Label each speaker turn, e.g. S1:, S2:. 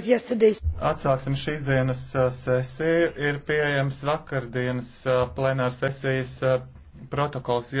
S1: Atsāksim šīs dienas uh, sesiju. Ir pieejams vakardienas uh, plenāra sesijas uh, protokols.